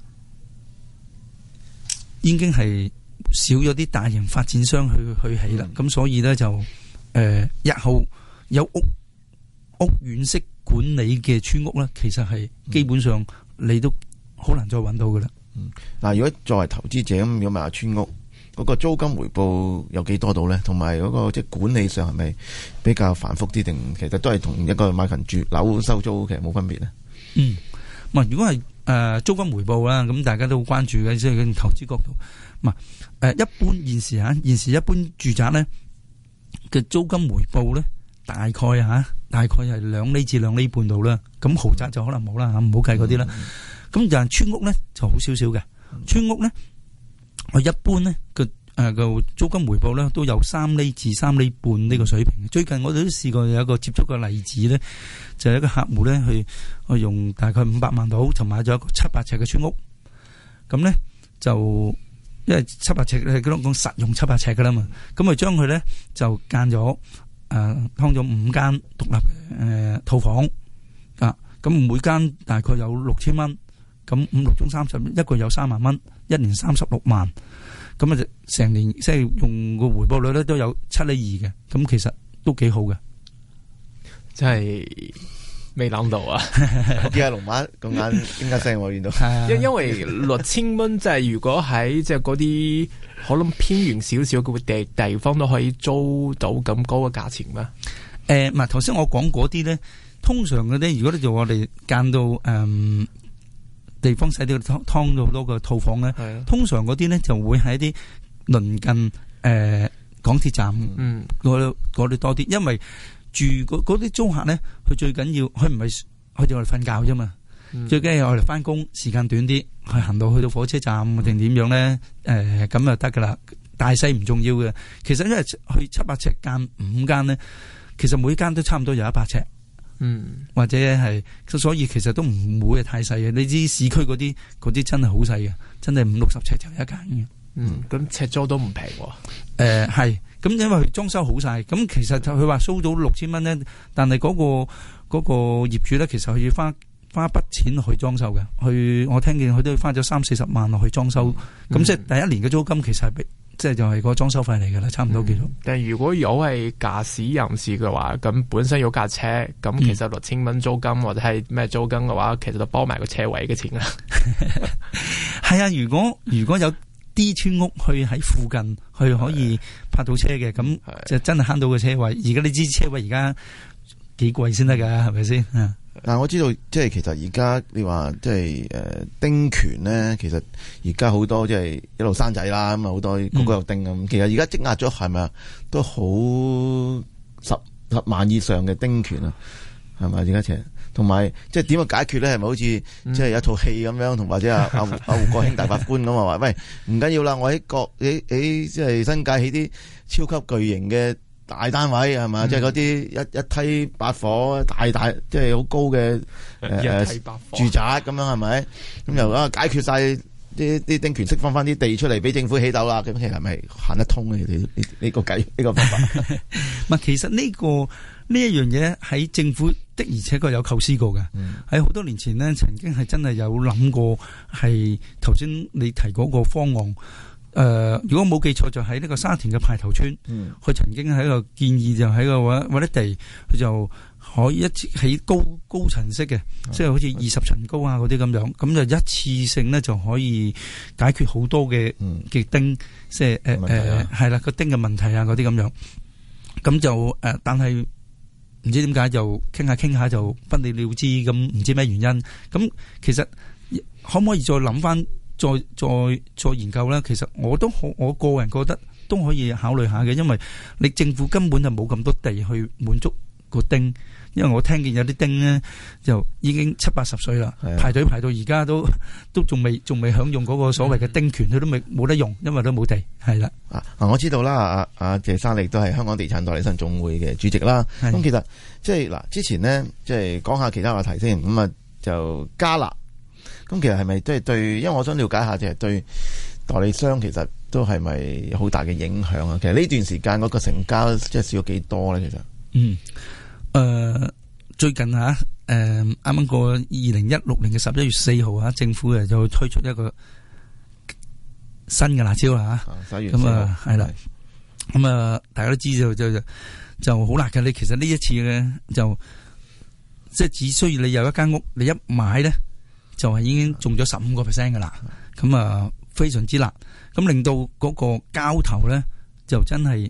已經係少咗啲大型發展商去、嗯、去起啦，咁所以咧就誒、呃，日後有屋屋苑式管理嘅村屋咧，其實係基本上你都好難再揾到噶啦。嗯，嗱，如果作為投資者咁，如果買下村屋，嗰、那個租金回報有幾多到咧？同埋嗰個即係管理上係咪比較繁複啲？定其實都係同一個買緊住樓收租其實冇分別咧。嗯，唔係如果係。誒、呃，租金回報啦，咁大家都好關注嘅，即係投資角度，唔啊，誒，一般現時吓，現時一般住宅咧嘅租金回報咧、啊，大概吓，大概係兩厘至兩厘半度啦，咁豪宅就可能冇啦吓，唔好計嗰啲啦，咁就係村屋咧就好少少嘅，村屋咧，我一般咧佢。誒，個租金回報咧，都有三厘至三厘半呢個水平。最近我哋都試過有一個接觸嘅例子咧，就係、是、一個客戶咧，去去用大概五百萬度就買咗一個七百尺嘅村屋。咁咧就因為七百尺，佢都講實用七百尺噶啦嘛。咁啊，將佢咧就間咗誒，劏咗五間獨立誒、呃、套房。啊，咁每間大概有六千蚊，咁五六中三十，一個有三萬蚊，一年三十六萬。咁啊，就成年即係用個回報率咧，都有七厘二嘅，咁其實都幾好嘅。即係未諗到啊！而家龍馬咁啱點解真係我見到？因因為六千蚊，即係如果喺即係嗰啲可能偏遠少少嘅地地方，都可以租到咁高嘅價錢咩？誒、呃，唔係，頭先我講嗰啲咧，通常嘅咧，如果你用我哋講到嗯。地方細啲，劏劏咗好多個套房咧，啊、通常嗰啲咧就會喺啲鄰近誒、呃、港鐵站嗰嗰度多啲，因為住嗰啲租客咧，佢最緊要佢唔係，佢我哋瞓覺啫嘛。嗯、最緊要我哋返工時間短啲，去行到去到火車站定點樣咧？誒、呃、咁就得噶啦，大細唔重要嘅。其實因為去七百尺間五間咧，其實每一間都差唔多有一百尺。嗯，或者係，所以其實都唔會係太細嘅。你知市區嗰啲嗰啲真係好細嘅，真係五六十尺就一間嘅、嗯。嗯，咁尺租都唔平喎。誒、呃，係咁，因為佢裝修好晒，咁其實就佢話收到六千蚊咧，但係嗰個嗰個業主咧，其實佢要花花一筆錢去裝修嘅。去我聽見佢都要花咗三四十萬落去裝修，咁、嗯、即係第一年嘅租金其實係俾。即係就係個裝修費嚟噶啦，差唔多幾多，嗯。但係如果有係駕駛人士嘅話，咁本身有架車，咁其實六千蚊租金，嗯、或者係咩租金嘅話，其實就包埋個車位嘅錢啦。係 啊，如果如果有啲村屋去喺附近，去可以泊到車嘅，咁的就真係慳到個車位。而家呢啲車位而家，幾貴先得噶係咪先？嗱，但我知道即係其實而家你話即係誒丁權咧，其實而家好多即係一路生仔啦，咁啊好多個個又丁咁，其實而家積壓咗係咪啊？都好十十萬以上嘅丁權啊，係咪？而家請同埋即係點去解決咧？係咪好似即係有套戲咁樣？同或者阿阿 阿胡國興大法官咁啊？話喂，唔緊要啦，我喺國喺喺即係新界起啲超級巨型嘅。大單位係嘛，即係嗰啲一一梯八火，大大即係好高嘅誒、呃、住宅咁樣係咪？咁又啊解決晒啲啲丁權，釋放翻啲地出嚟俾政府起樓啦。咁其實係咪行得通嘅？呢呢、呢個計呢、呢個方法？唔係 其實呢、呢個呢一樣嘢喺政府的而且確有構思過嘅。喺好、嗯、多年前咧，曾經係真係有諗過係頭先你提嗰個方案。誒、呃，如果冇記錯，就喺、是、呢個沙田嘅排頭村，佢、嗯、曾經喺個建議，就喺個搵搵地，佢就可以一次起高高層式嘅，嗯、即係好似二十層高啊嗰啲咁樣，咁就一次性咧就可以解決好多嘅嘅釘，嗯、即係誒誒係啦，個釘嘅問題啊嗰啲咁樣，咁就誒、呃，但係唔知點解就傾下傾下就不了了之，咁唔知咩原因。咁其實可唔可以再諗翻？再再再研究啦，其實我都好，我個人覺得都可以考慮下嘅，因為你政府根本就冇咁多地去滿足個丁，因為我聽見有啲丁咧就已經七八十歲啦，啊、排隊排到而家都都仲未仲未享用嗰個所謂嘅丁權，佢、啊、都未冇得用，因為都冇地，係啦、啊。啊啊，我知道啦，阿、啊、阿、啊、謝生你亦都係香港地產代理商總會嘅主席啦。咁、啊、其實即係嗱，之前呢，即係講下其他話題先，咁啊就加納。咁其實係咪即係對？因為我想了解下，就係對代理商其實都係咪好大嘅影響啊？其實呢段時間嗰個成交即係少咗幾多咧？其實，嗯，誒、呃，最近吓、啊，誒、呃，啱啱過二零一六年嘅十一月四號吓，政府誒就推出一個新嘅辣招啦吓、啊，咁啊係啦，咁啊、嗯嗯嗯嗯，大家都知道就就好辣嘅。你其實呢一次咧就即係只需要你有一間屋，你一買咧。就係已經中咗十五個 percent 嘅啦，咁啊非常之辣，咁令到嗰個交投咧就真係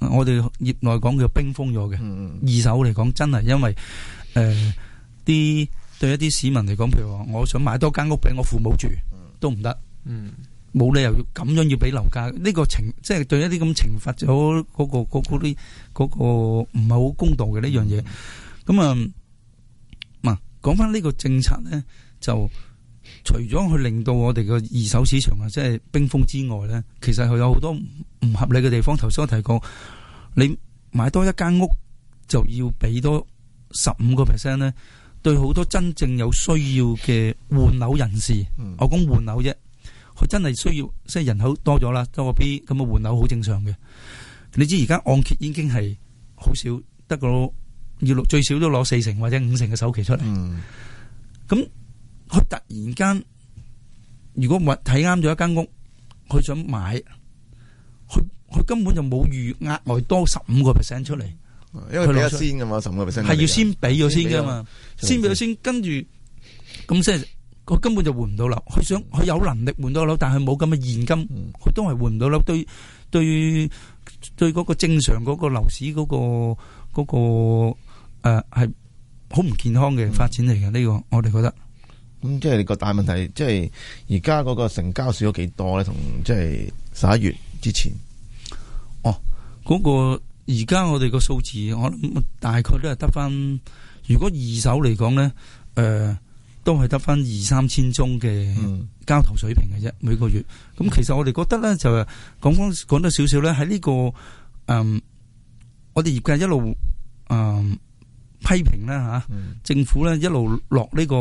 我哋業內講叫冰封咗嘅。二手嚟講真係，因為誒啲對一啲市民嚟講，譬如話我想買多間屋俾我父母住都唔得，嗯，冇理由要咁樣要俾樓價呢個懲，即係對一啲咁懲罰咗嗰個嗰嗰啲嗰個唔係好公道嘅呢樣嘢，咁啊。講翻呢個政策咧，就除咗去令到我哋個二手市場啊，即係冰封之外咧，其實佢有好多唔合理嘅地方。頭先我提過，你買多一間屋就要俾多十五個 percent 咧，對好多真正有需要嘅換樓人士，嗯、我講換樓啫，佢真係需要，即係人口多咗啦，多個 B 咁啊換樓好正常嘅。你知而家按揭已經係好少，得個。要最少都攞四成或者五成嘅首期出嚟，咁佢突然間如果買睇啱咗一間屋，佢想買，佢佢根本就冇預額外多十五個 percent 出嚟，因為佢攞先嘅嘛，十五個 percent 係要先俾咗先嘅嘛，先俾咗先，跟住咁即係佢根本就換唔到樓，佢想佢有能力換到樓，但係佢冇咁嘅現金，佢都係換唔到樓，對對對嗰個正常嗰個樓市嗰個嗰個。誒，係好唔健康嘅發展嚟嘅呢個，我哋覺得。咁、嗯、即係你個大問題，即係而家嗰個成交少咗幾多咧？同即係十一月之前。哦，嗰、那個而家我哋個數字，我諗大概都係得翻。如果二手嚟講咧，誒、呃，都係得翻二三千宗嘅交投水平嘅啫，每個月。咁、嗯嗯、其實我哋覺得咧，就講講講多少少咧，喺呢、這個誒、嗯，我哋業界一路誒。嗯嗯批評啦吓，政府咧一路落呢個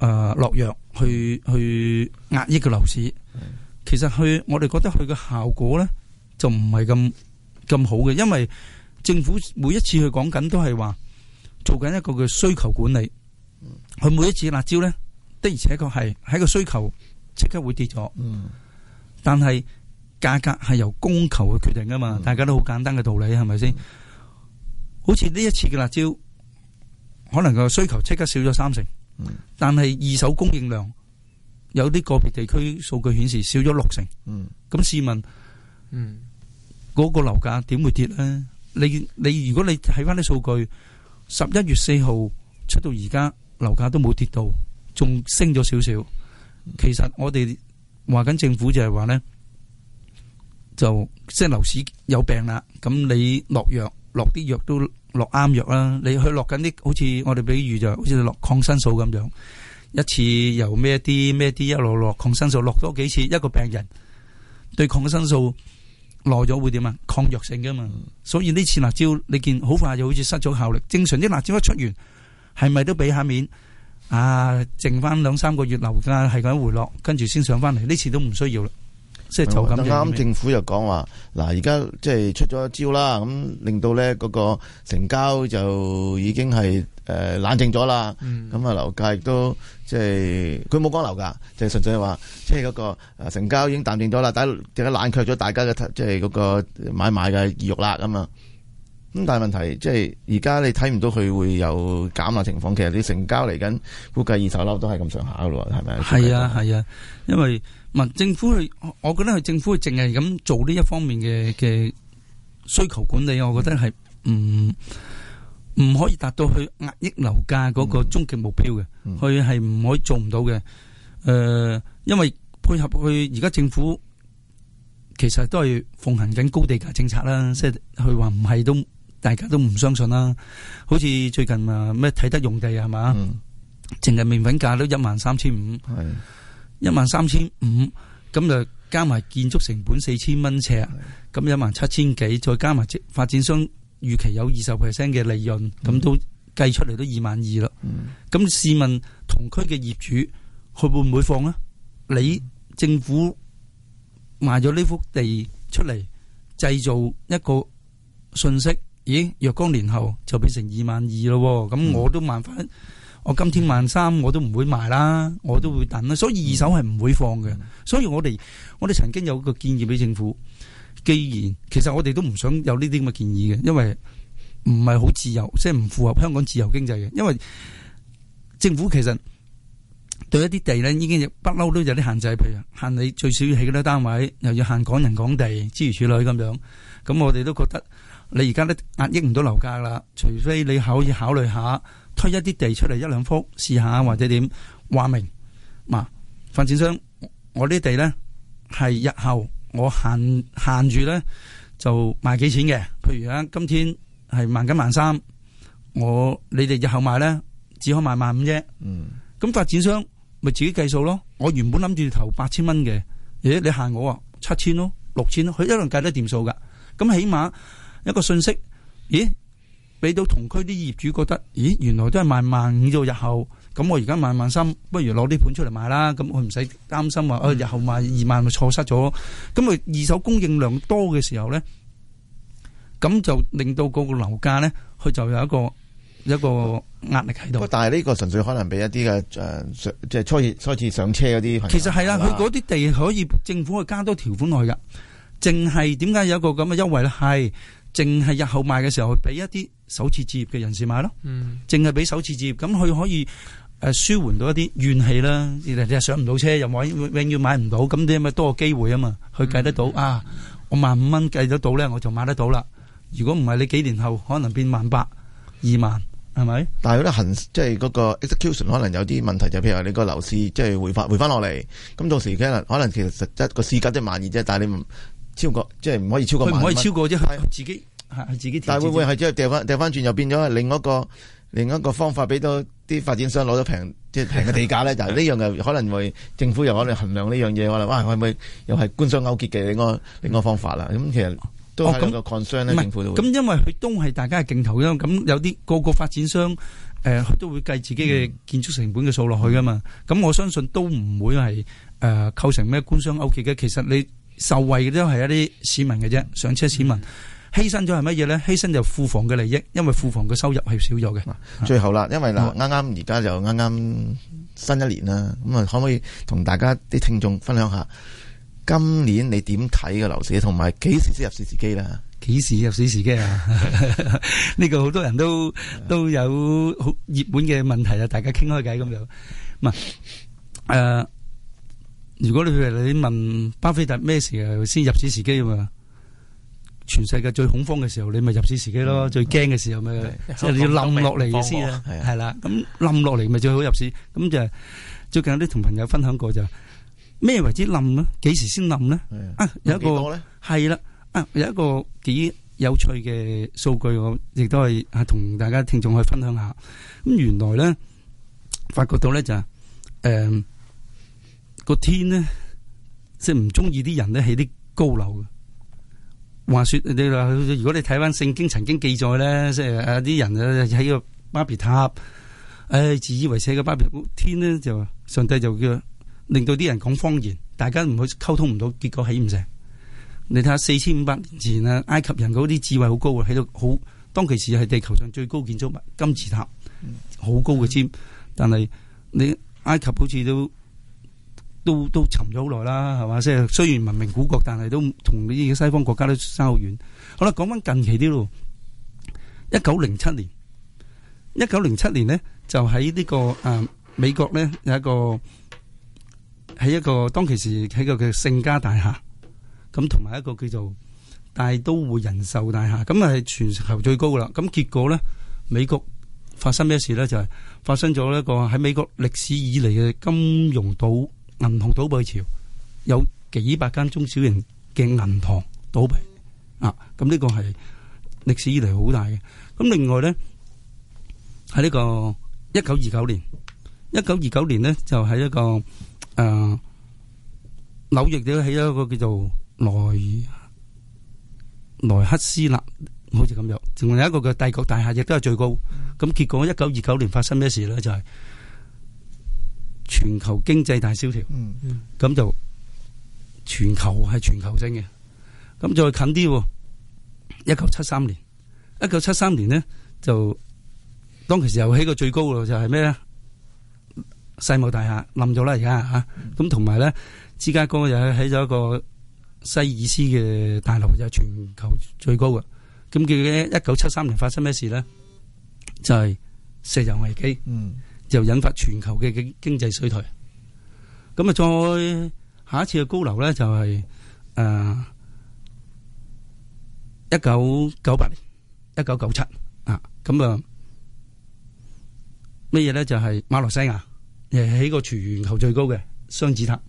誒落藥去去壓抑個樓市，其實佢我哋覺得佢嘅效果咧就唔係咁咁好嘅，因為政府每一次去講緊都係話做緊一個嘅需求管理，佢每一次辣招咧的而且確係喺個需求即刻會跌咗，但係價格係由供求去決定㗎嘛，大家都好簡單嘅道理係咪先？好似呢一次嘅辣招。可能個需求即刻少咗三成，但係二手供應量有啲個別地區數據顯示少咗六成。嗯咁試問，嗯嗰個樓價點會跌咧？你你如果你睇翻啲數據，十一月四號出到而家，樓價都冇跌到，仲升咗少少。其實我哋話緊政府就係話呢，就即係樓市有病啦。咁你落藥，落啲藥都。落啱藥啦，你去落緊啲好似我哋比喻就好似落抗生素咁樣，一次由咩啲咩啲一路落抗生素，落多幾次一個病人對抗生素耐咗會點啊？抗藥性噶嘛，嗯、所以呢次辣椒你見好快就好似失咗效力。正常啲辣椒一出完，係咪都俾下面啊？剩翻兩三個月留噶係咁回落，跟住先上翻嚟。呢次都唔需要啦。即係就咁啱政府又講話，嗱而家即係出咗招啦，咁令到咧嗰個成交就已經係誒冷靜咗啦。咁啊、嗯、樓價亦都即係佢冇講樓㗎，即、就、係、係、純粹話即係嗰個成交已經淡靜咗啦，大家而家冷卻咗大家嘅即係嗰個買賣嘅意欲啦咁啊。咁但係問題即係而家你睇唔到佢會有減壓情況，其實啲成交嚟緊估計二手樓都係咁上下噶喎，係咪？係啊，係啊，因為。政府佢，我我覺得佢政府淨係咁做呢一方面嘅嘅需求管理，我覺得係唔唔可以達到去壓抑樓價嗰個終極目標嘅，佢係唔可以做唔到嘅。誒、呃，因為配合佢而家政府，其實都係奉行緊高地價政策啦，即係佢話唔係都，大家都唔相信啦。好似最近啊，咩睇得用地係嘛，淨係麵粉價都一萬三千五。一萬三千五，咁就加埋建築成本四千蚊尺，咁一萬七千幾，再加埋即發展商預期有二十 percent 嘅利潤，咁都計出嚟都二萬二啦。咁試問同區嘅業主，佢會唔會放咧？你政府賣咗呢幅地出嚟，製造一個信息，咦？若干年後就變成二萬二咯？咁、嗯、我都萬分。我今天萬三我都唔會賣啦，我都會等啦，所以二手係唔會放嘅。嗯、所以我哋我哋曾經有個建議俾政府，既然其實我哋都唔想有呢啲咁嘅建議嘅，因為唔係好自由，即係唔符合香港自由經濟嘅。因為政府其實對一啲地咧，已經不嬲都有啲限制，譬如限你最少要起多單位，又要限港人港地，諸如此類咁樣。咁我哋都覺得你而家都壓抑唔到樓價啦，除非你可以考慮下。推一啲地出嚟，一兩幅試下，或者點話明，嗱，發展商，我啲地咧係日後我限限住咧就賣幾錢嘅，譬如啊，今天係萬一萬三，我你哋日後賣咧只可賣萬五啫。嗯，咁發展商咪自己計數咯。我原本諗住投八千蚊嘅，咦，你限我啊七千咯、六千咯，佢一路計得掂數噶。咁起碼一個信息，咦？俾到同區啲業主覺得，咦，原來都係賣萬五啫，日後，咁我而家賣萬三，不如攞啲盤出嚟賣啦，咁我唔使擔心話，我、嗯、日後賣二萬咪錯失咗。咁佢二手供應量多嘅時候咧，咁就令到嗰個樓價咧，佢就有一個一個壓力喺度。但係呢個純粹可能俾一啲嘅誒，即、呃、係初次初次上車嗰啲。其實係啊，佢嗰啲地可以政府去加多條款落去噶，淨係點解有一個咁嘅優惠咧？係。淨係日後賣嘅時候，俾一啲首次置業嘅人士買咯。嗯，淨係俾首次置業，咁佢可以誒舒緩到一啲怨氣啦。而係你又上唔到車，又永永遠買唔到，咁啲咪多個機會啊嘛？佢計得到啊，我萬五蚊計得到咧，我就買得到啦。如果唔係，你幾年後可能變萬八、二萬，係咪？但係嗰啲行，即係嗰個 execution 可能有啲問題，就譬如話你個樓市即係回翻回翻落嚟，咁到時可能可能其實實質個市價即係萬二啫，但係你唔。超過即係唔可以超過，唔可以超過啫，自己但自己。但會唔會係即係掉翻，掉翻轉又變咗另一個另一個方法，俾到啲發展商攞咗平即係平嘅地價咧？就呢、是、樣嘅，可能會政府又可能衡量呢樣嘢，可能哇，係咪又係官商勾結嘅？另一個另一個方法啦，咁其實都係一個 concern 咧、哦，政府都咁，因為佢都係大家嘅競投咯。咁有啲個個發展商誒、呃、都會計自己嘅建築成本嘅數落去噶嘛。咁我相信都唔會係誒、呃、構成咩官商勾結嘅。其實你。受惠嘅都係一啲市民嘅啫，上車市民犧、嗯、牲咗係乜嘢咧？犧牲就庫房嘅利益，因為庫房嘅收入係少咗嘅。最後啦，因為嗱，啱啱而家就啱啱新一年啦，咁啊，可唔可以同大家啲聽眾分享下今年你點睇嘅樓市，同埋幾時先入市時機咧？幾時入市時機啊？呢 個好多人都都有好熱門嘅問題的啊！大家傾開偈咁樣，唔係誒。如果你譬如你問巴菲特咩時候先入市時機啊嘛？全世界最恐慌嘅時候，你咪入市時機咯。最驚嘅時候咪，即係你要冧落嚟嘅先啊。係啦，咁冧落嚟咪最好入市。咁就最近有啲同朋友分享過就咩為之冧咧？幾時先冧咧？啊，有一個係啦。啊，有一個幾有趣嘅數據，我亦都係啊同大家聽眾去分享下。咁原來咧，發覺到咧就誒。個天呢，即係唔中意啲人咧起啲高樓。話說你話如果你睇翻聖經曾經記載咧，即係啲人咧喺個巴別塔，誒自以為是嘅巴別天呢，就上帝就叫令到啲人講方言，大家唔去溝通唔到，結果起唔成。你睇下四千五百年前啊，埃及人嗰啲智慧好高啊，喺度好當其時係地球上最高建築物金字塔，好高嘅尖，但係你埃及好似都。都都沉咗好耐啦，係嘛？即係雖然文明古國，但係都同呢啲西方國家都差好遠。好啦，講翻近期呢度，一九零七年，一九零七年咧就喺呢個誒美國咧有一個喺一個當其時喺個嘅勝家大廈咁，同埋一個叫做大都會人壽大廈，咁係全球最高啦。咁結果咧，美國發生咩事咧？就係發生咗一個喺美國歷史以嚟嘅金融島。銀行倒閉潮，有幾百間中小型嘅銀行倒閉啊！咁呢個係歷史以嚟，好大嘅。咁另外咧，喺呢個一九二九年，一九二九年咧就喺一個誒紐約都起咗一個叫做克萊斯勒，好似咁樣。仲有一個嘅帝國大廈亦都係最高。咁結果一九二九年發生咩事咧？就係。全球經濟大蕭條，咁、嗯嗯、就全球係全球性嘅。咁再近啲，一九七三年，一九七三年呢，就當其時又起個最高嘅就係咩咧？世貿大廈冧咗啦，而家吓。咁同埋咧，芝加哥又起咗一個西爾斯嘅大樓，就係、是、全球最高嘅。咁嘅一九七三年發生咩事咧？就係、是、石油危機。嗯就引發全球嘅經經濟水退，咁啊，再下一次嘅高樓咧就係誒一九九八年一九九七啊，咁啊咩嘢咧，就係馬來西亞誒起個全球最高嘅雙子塔，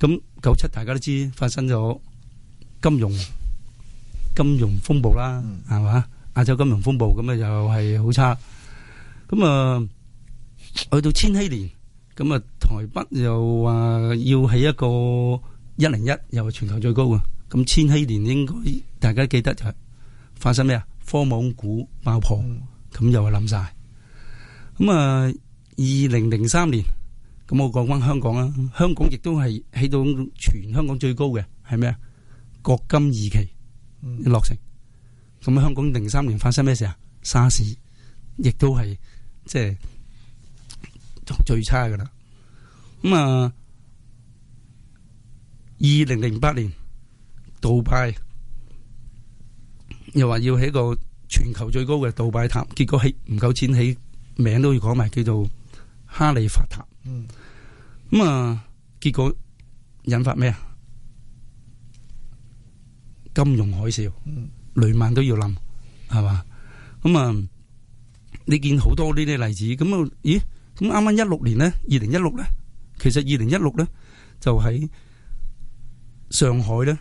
咁九七大家都知發生咗金融金融風暴啦，係嘛？亞洲金融風暴，咁啊又係好差。咁啊，去、嗯、到千禧年，咁啊台北又話要起一個一零一，又係全球最高嘅。咁千禧年應該大家記得就係發生咩啊？科網股爆破，咁、嗯、又係冧晒。咁、嗯、啊，二零零三年，咁我講返香港啦。香港亦都係起到全香港最高嘅，係咩啊？國金二期落成。咁、嗯、香港零三年發生咩事啊？沙士，亦都係。.即係最差噶啦。咁、嗯、啊，二零零八年，杜拜又話要起個全球最高嘅杜拜塔，結果起唔夠錢起，名都要講埋叫做哈利法塔。咁啊、嗯嗯，結果引發咩啊？金融海嘯，嗯、雷曼都要冧，係嘛？咁、嗯、啊？嗯你見好多呢啲例子，咁啊？咦？咁啱啱一六年呢，二零一六呢，其實二零一六呢就喺上海呢，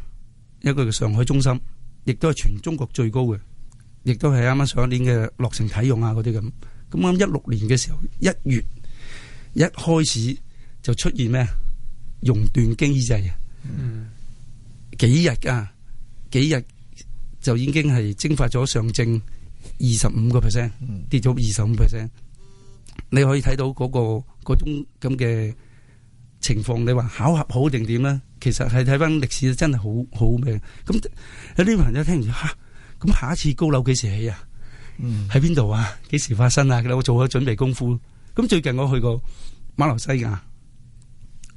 一個叫上海中心，亦都係全中國最高嘅，亦都係啱啱上一年嘅落成體用啊嗰啲咁。咁啱一六年嘅時候，一月一開始就出現咩熔斷機制啊！嗯，幾日啊？幾日就已經係蒸發咗上證。二十五個 percent 跌咗二十五 percent，你可以睇到嗰個嗰種咁嘅情況。你話巧合好定點咧？其實係睇翻歷史，真係好好命。咁有啲朋友聽完吓，咁下一次高樓幾時起啊？喺邊度啊？幾時發生啊？我做咗準備功夫。咁最近我去過馬來西亞，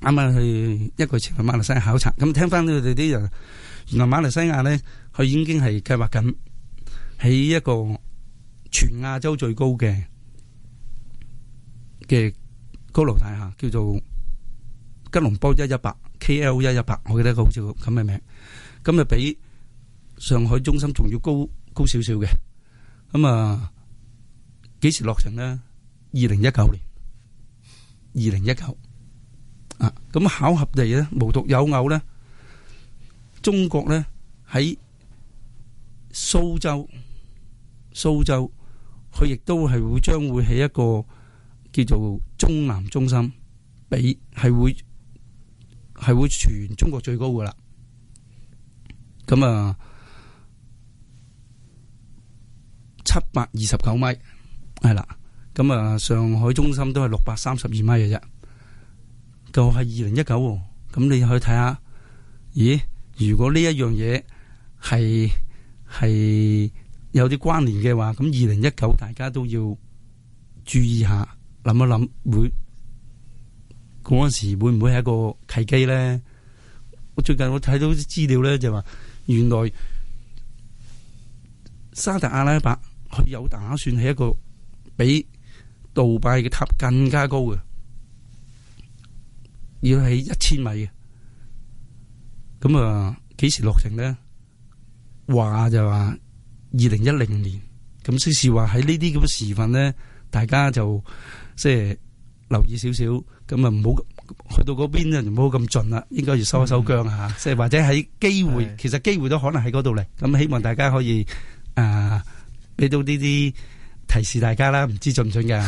啱啱去一個月前去馬來西亞考察。咁聽翻佢哋啲人，原來馬來西亞咧，佢已經係計劃緊，喺一個全亞洲最高嘅嘅高樓大廈，叫做吉隆坡一一八 KL 一一八，我記得好個好似咁嘅名，咁就比上海中心仲要高高少少嘅，咁啊幾時落成呢？二零一九年，二零一九啊，咁巧合地咧，無獨有偶咧，中國咧喺蘇州。蘇州佢亦都係會將會起一個叫做中南中心，比係會係會全中國最高噶啦。咁啊，七百二十九米係啦。咁啊，上海中心都係六百三十二米嘅啫。就係二零一九，咁你可以睇下。咦？如果呢一樣嘢係係？有啲關聯嘅話，咁二零一九大家都要注意下，諗一諗會嗰陣時會唔會係一個契機咧？我最近我睇到啲資料咧，就話原來沙特阿拉伯佢有打算係一個比杜拜嘅塔更加高嘅，要係一千米嘅，咁啊，幾時落成呢？話就話。二零一零年，咁即是話喺呢啲咁嘅時份咧，大家就即係留意少少，咁啊唔好去到嗰邊咧，唔好咁盡啦，應該要收一收腳吓，即係、嗯、或者喺機會，是的 其實機會都可能喺嗰度嚟，咁希望大家可以是的 啊俾到呢啲。提示大家啦，唔知準唔準㗎，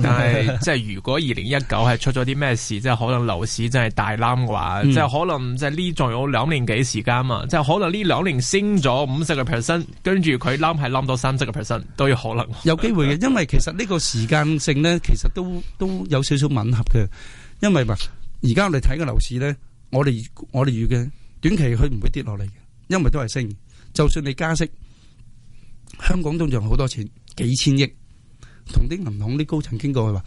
但係是 即係如果二零一九係出咗啲咩事，即係可能樓市真係大冧嘅話，嗯、即係可能即係呢仲有兩年幾時間嘛，即係可能呢兩年升咗五十個 percent，跟住佢冧係冧到三十個 percent 都有可能。有機會嘅， 因為其實呢個時間性咧，其實都都有少少吻合嘅。因為嘛，而家我哋睇嘅樓市咧，我哋我哋預計短期佢唔會跌落嚟嘅，因為都係升。就算你加息，香港都仲有好多錢。幾千億，同啲銀行啲高層傾過，佢話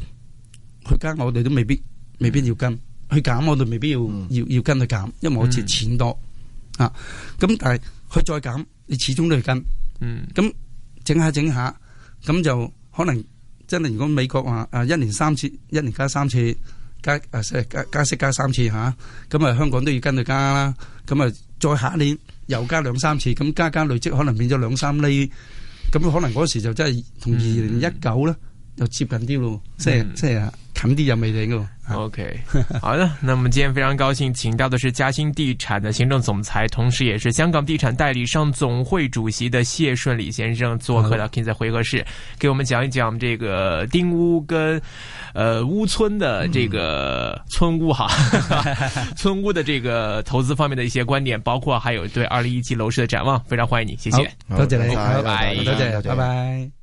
去加我哋都未必，未必要跟；去減我哋未必要要要跟佢減，因為我借錢多啊。咁但係佢再減，你始終都要跟。咁整下整下，咁就可能真係如果美國話啊一年三次，一年加三次加啊息加加息加三次吓，咁啊香港都要跟佢加啦。咁啊，再下一年又加兩三次，咁加加累積可能變咗兩三厘。咁可能嗰時就真係同二零一九咧。又接近啲咯，即係即係啊，近啲就未定㗎。OK，好的，那麼今天非常高興，請到的是嘉興地產的行政總裁，同時也是香港地產代理商總會主席的謝順禮先生，做客到《King Sir 會客室》，給我們講一講這個丁屋跟，呃屋村的這個村屋哈， 村屋的這個投資方面的一些觀點，包括還有對二零一七樓市的展望。非常歡迎你，謝謝，好多謝你，拜拜，多謝，拜拜。